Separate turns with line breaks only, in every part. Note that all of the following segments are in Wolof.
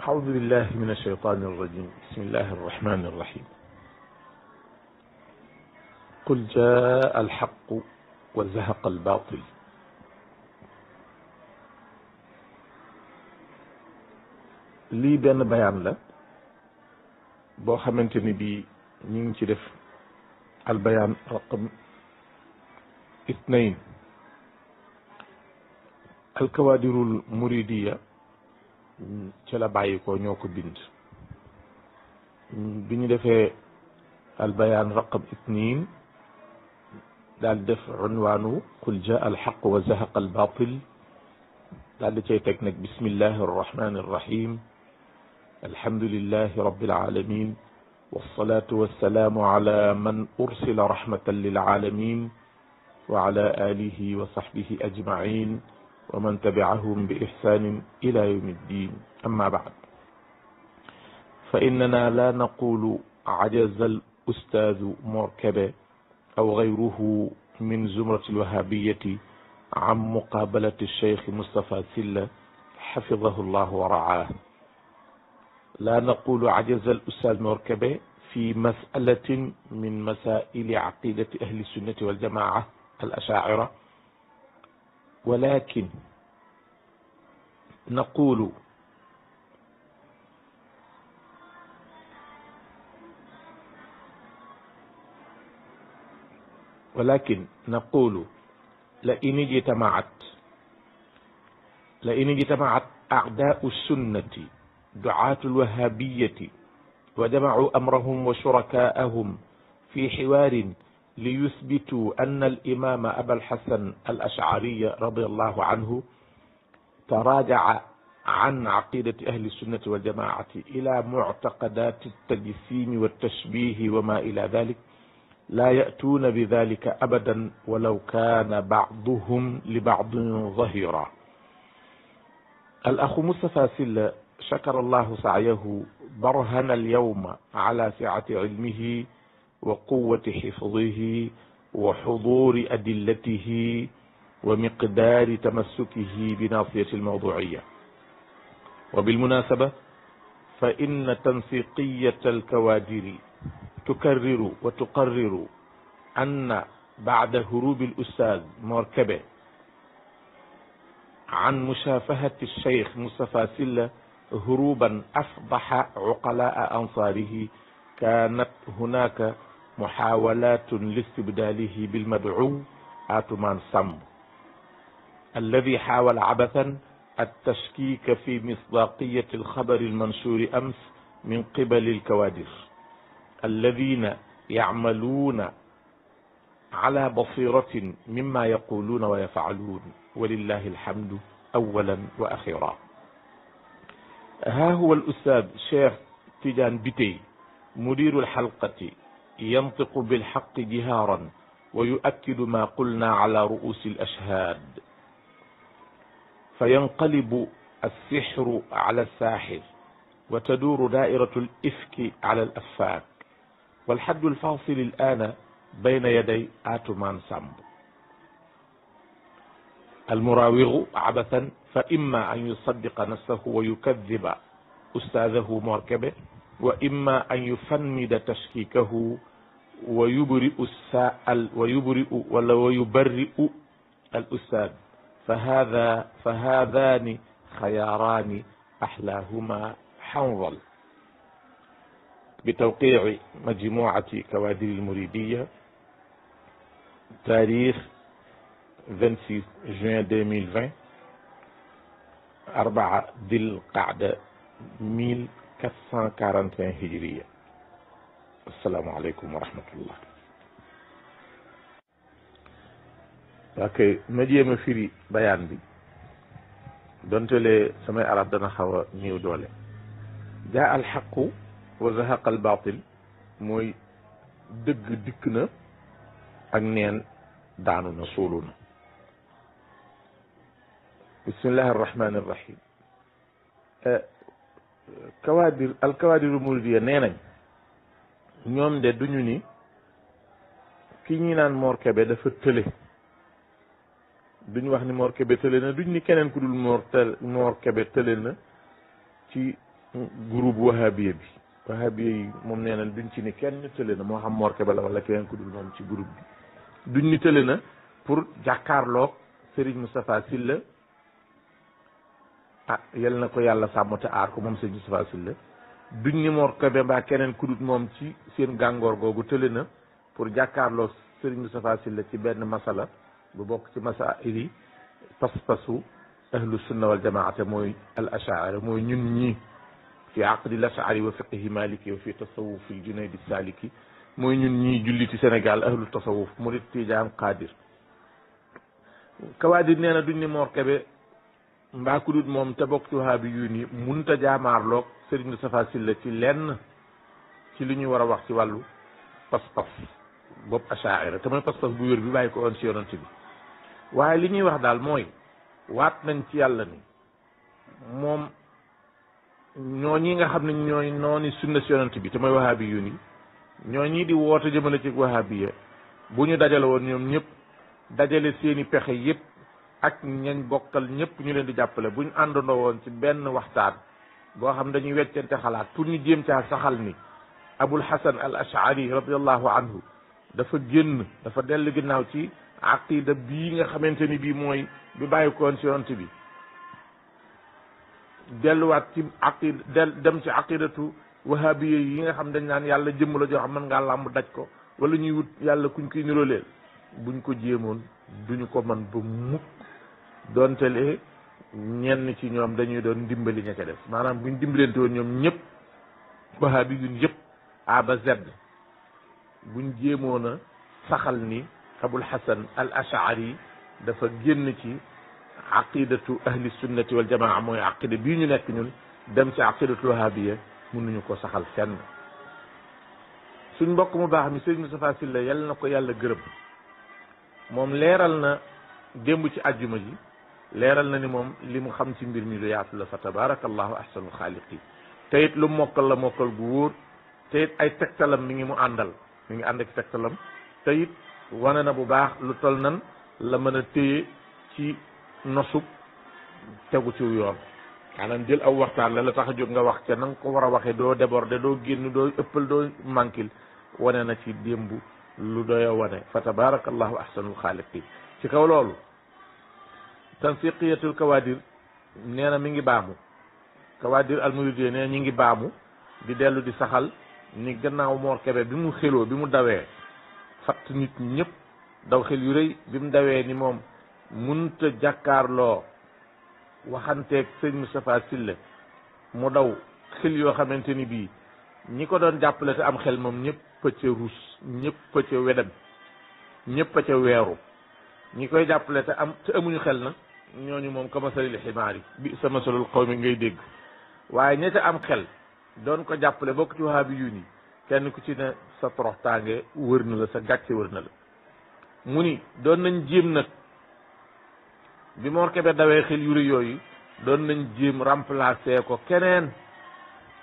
أعوذ بالله من الشيطان الرجيم بسم الله الرحمن الرحيم قل جاء الحق وزهق الباطل لي بن بيان لا بو خامتيني بي نيغي تي ديف البيان رقم اثنين الكوادر المريديه ci la bayiko ñoko bind biñu défé al bayan raqab 2 dal def unwanu qul jaa al haqq wa zahaq al batil dal ci tek nak bismillahir rahmanir rahim alhamdulilahi rabbil alamin wassalatu wassalaamu ala man ursila rahmatan lil alamin wa ala alihi wa ومن تبعهم بإحسان إلى يوم الدين أما بعد فإننا لا نقول عجز الأستاذ مركبة أو غيره من زمرة الوهابية عن مقابلة الشيخ مصطفى سلة حفظه الله ورعاه لا نقول عجز الأستاذ مركبة في مسألة من مسائل عقيدة أهل السنة والجماعة الأشاعرة ولكن نقول ولكن نقول لئن اجتمعت لئن اجتمعت أعداء السنة دعاة الوهابية وجمعوا أمرهم وشركاءهم في حوار ليثبتوا أن الإمام أبا الحسن الأشعري رضي الله عنه تراجع عن عقيدة أهل السنة والجماعة إلى معتقدات التجسيم والتشبيه وما إلى ذلك لا يأتون بذلك أبدا ولو كان بعضهم لبعض ظهيرا الأخ مصطفى سلة شكر الله سعيه برهن اليوم على سعة علمه وقوة حفظه وحضور أدلته ومقدار تمسكه بناصية الموضوعية وبالمناسبة فإن تنسيقية الكوادر تكرر وتقرر أن بعد هروب الأستاذ مركبه عن مشافهة الشيخ مصطفى سلة هروبا أفضح عقلاء أنصاره كانت هناك محاولات لاستبداله بالمدعو آتمان سامبو الذي حاول عبثا التشكيك في مصداقية الخبر المنشور أمس من قبل الكوادر الذين يعملون على بصيرة مما يقولون ويفعلون ولله الحمد أولا وأخيرا ها هو الأستاذ شيخ تيجان بيتي مدير الحلقة ينطق بالحق جهارا ويؤكد ما قلنا على رؤوس الأشهاد فينقلب السحر على الساحر وتدور دائرة الإفك على الأفاك والحد الفاصل الآن بين يدي آتومان سامبو المراوغ عبثا فإما أن يصدق نفسه ويكذب أستاذه مركبه وإما أن يفند تشكيكه ويبرئ السائل ويبرئ ولا ويبرئ الأستاذ فهذا فهذان خياران أحلاهما حنظل بتوقيع مجموعة كوادر المريدية تاريخ 26 جوان 2020 4 ذي القعدة 1441 هجرية السلام عليكم ورحمة الله ok ma jéem a firi bayaan bi donte lee samay arab dana xaw a néew doole jaa al xaqu wa zahaqa al baatil mooy dëgg dikk na ak neen daanu na suulu na bismillahi arrahmani arrahim kawaadir al kawaadiru muridiya nee nañ ñoom de duñu ni ki ñi naan Mor Kébé dafa tële duñ wax ni Mor Kébé tële na duñ ni keneen ku dul Mor tël Mor Kébé tële na ci groupe wahabiya bi wahabiya yi moom nee na duñ ci ni kenn tële na moo xam Mor Kébé la wala keneen ku dul moom ci groupe bi duñ ni tële na pour jàkkaarloog Serigne Moustapha Sylla ah yal na ko yàlla sàmm te aar ko moom Serigne Moustapha Sylla duñ ni Mor mbaa keneen ku moom ci seen gàngoor googu tële na pour jàkkaarloog Serigne Moustapha Sylla ci benn masala ببوك مسائلي تصفصو أهل السنة والجماعة موي الأشاعر موي نني في عقد الأشاعر وفقه مالكي وفي تصوف الجنيد السالكي موي نني جلتي سنغال أهل التصوف مريد تيجان قادر كوادر نينا دوني موركبي مباكود موم تبوكتوها بيوني منتجا مارلوك سرين صفا سلة لن تلني ورا وقت والو بس بس بوب أشاعر تمام بس بس بيور بيبايكو أنسيون تبي waaye li ñuy wax daal mooy waat nañ ci yàlla ni moom ñoo ñii nga xam ne ñooy nooni sunna bi te mooy wahaabi yu ni ñoo ñii di woote jëmale ci wahaabi ya bu ñu dajale woon ñoom ñëpp dajale seeni pexe yëpp ak ñañ bokkal ñëpp ñu leen di jàppale bu ñu àndandoo woon ci benn waxtaan boo xam dañuy weccante xalaat pour ñu jéem caa saxal ni abul xasan al ashari radiallahu anhu dafa génn dafa dellu ginnaaw ci aqida bii nga xamante ni bii mooy bi bàyyi koon ci yonent bi delluwaat ci aqid dem ci aqidatu wahabiya yi nga xam dañ naan yàlla jëmm la joo man mën ngaa làmb daj ko wala ñuy wut yàlla kuñ koy niroleel buñ ko jéemoon duñu ko man ba mukk doontelee ñenn ci ñoom dañuy doon dimbali ña ca def maanaam buñ dimbalante woon ñoom ñëpp wahabi yun yëpp A ba Z buñ jéemoon a saxal ni abul hasan al ashari dafa génn ci aqidatu ahli sunnati wal jamaa mooy aqida bii ñu nekk ñun dem ci aqidatu mun nañu ko saxal fenn suñ mbokk mu baax mi sëriñ Moustapha Sylla yal na ko yàlla gërëm moom leeral na démb ci àjjuma ji leeral na ni moom li mu xam ci mbir mi lu yaatu la fa tabarakallahu ahsanul xaaliqin te it lu mokkal la mokkal gu wóor te it ay tegtalam mi ngi mu àndal mi ngi ànd ak tegtalam te it wane na bu baax lu tol nan la mën a téye ci nosub tegu ci yoon maanaam jël aw waxtaan la la tax a jóg nga wax ca na nga ko war a waxee doo déborder doo génn doo ëppal doo manquil wane na ci démb lu doy a wane fa tabarakallahu ahsanul xaaliqin ci kaw loolu tansiqiyatul kawaadir nee na mi ngi baamu kawaadir almuridiya nee ñi ngi baamu di dellu di saxal ni gannaaw moo Kébé bi mu xeloo bi mu dawee fatt nit ñëpp daw xel yu rëy bi mu dawee ni moom mun a jàkkaarloo waxanteeg sëñ Moustapha Sylla mu daw xel yoo xamante ni bii ñi ko doon jàppale te am xel moom ñëpp a ca ruus ñëpp a ca wedam ñëpp a ca weeru ñi koy jàppale te am te amuñu xel na ñoo ñooñu moom kamasalil ximaar yi bi sa masalul xaw mi ngay dégg waaye ña am xel doon ko jàppale bokk ci waxaabi yu ni kenn ku ci ne sa toroxtaange wër na la sa gàcce wër na la mu ni doon nañ jéem nag bi Mor Kébé dawee xel yu yooyu doon nañ jéem remplacer ko keneen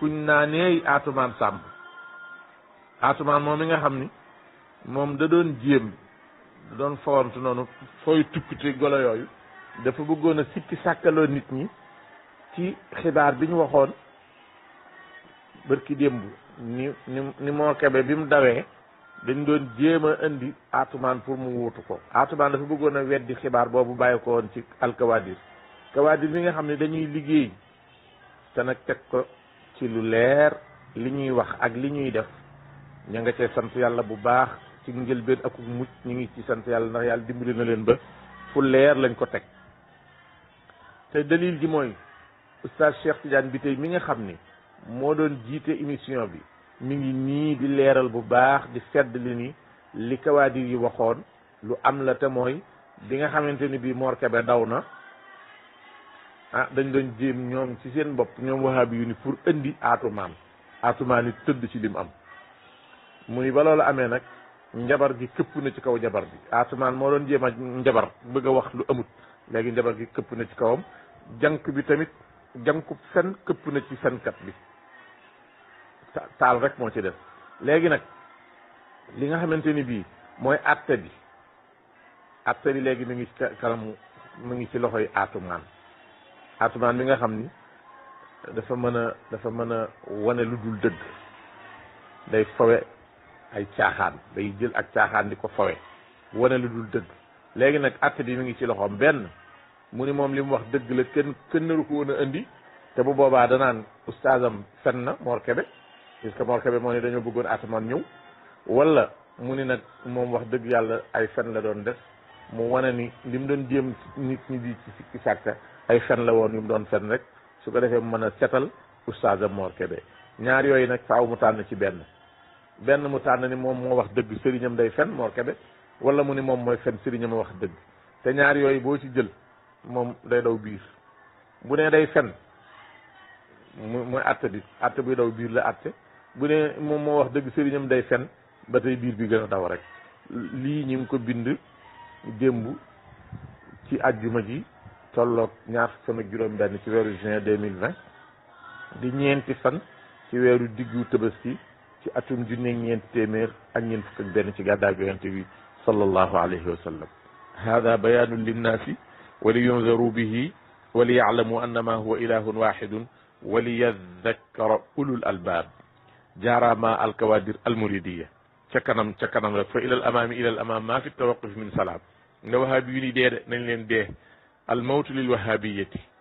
kuñ naa neey Atoumane Samb Atoumane moom mi nga xam ni moom da doon jéem doon fawantu noonu fooy tukkite golo yooyu dafa bëggoon a sàkkaloo nit ñi ci xibaar bi ñu waxoon bërki démb ni ni moo kebe bi mu dawee dañ doon jéem a indi atumaan pour mu wuutu ko atumaan dafa bëggoon a weddi xibaar boobu bàyyi ko woon ci alkawaadir kawaadir yi nga xam ne dañuy liggéey te teg ko ci lu leer li ñuy wax ak li ñuy def ña nga cee sant yàlla bu baax ci njëlbeen ak mucc ñu ngi ci sant yàlla ndax yàlla dimbali na leen ba fu leer lañ ko teg te dalil ji mooy oustaz Cheikh Tidiane bi tey mi nga xam ni moo doon jiite émission bi mi ngi nii di leeral bu baax di sedd li ni li kawaadir yi waxoon lu am la te mooy bi nga xamante ni bii Mor Kébé daw na ah dañ doon jéem ñoom ci seen bopp ñoom wahaabi yu ni pour indi aatumaan aatumaan tëdd ci li mu am mu ni ba loolu amee nag njabar gi këpp na ci kaw jabar bi aatumaan moo doon jéem a jabar bëgg a wax lu amut léegi njabar gi këpp na ci kawam jank bi tamit jankub fen këpp na ci fenkat bi taal rek moo ci def léegi nag li nga xamante ni bii mooy atte bi atte bi léegi mi ngi ci kanam mu ngi ci loxoy atumaan atumaan bi nga xam ni dafa mën a dafa mën a wane lu dul dëgg day fawe ay caaxaan day jël ak caaxaan di ko fawe wane lu dul dëgg léegi nag atte bi mu ngi ci loxoom benn mu ni moom li mu wax dëgg la kenn kenn naru ko woon a indi te bu boobaa danaan ustaasam fen na Mor Kébé puisque morka bi moo ne dañoo bëggoon asamaan ñëw walla mu ni nag moom wax dëgg yàlla ay fen la doon def mu wane ni li mu doon jéem nit ñi di ci sikki sàkka ay fen la woon yu mu doon fen rek su ko defee mu mën a setal oustaz moo Kébé ñaar yooyu nag faaw mu tànn ci benn benn mu tànn ni moom moo wax dëgg sëriñam day fen Mor Kébé wala mu ni moom mooy fen sëriñam wax dëgg te ñaar yooyu boo ci jël moom day daw biir bu ne day fen mu mooy àtte bi àtte buy daw biir la àtte bune ne mo wax deug serignam day fen batay bir bi gën daw rek li ñu ngi ko bind démb ci aljuma ji tolok ñaar sama juróom ben ci wéru juin 2020 di ñenti fan ci wéru diggu tebeski ci atum junne ñent témèr ak ñent fuk ben benn ci gàddaay yonent wi sallallahu alayhi wa sallam hada bayaanun linnaasi wa li yunzaru bihi wa li yaalamu annama huwa ilahun waxidun wa li yadakkara ulul albaab جارا ما الكوادر المريدية تكنم تكنم فإلى الأمام إلى الأمام ما في التوقف من صلاة الوهابيون دير نلين دير الموت للوهابية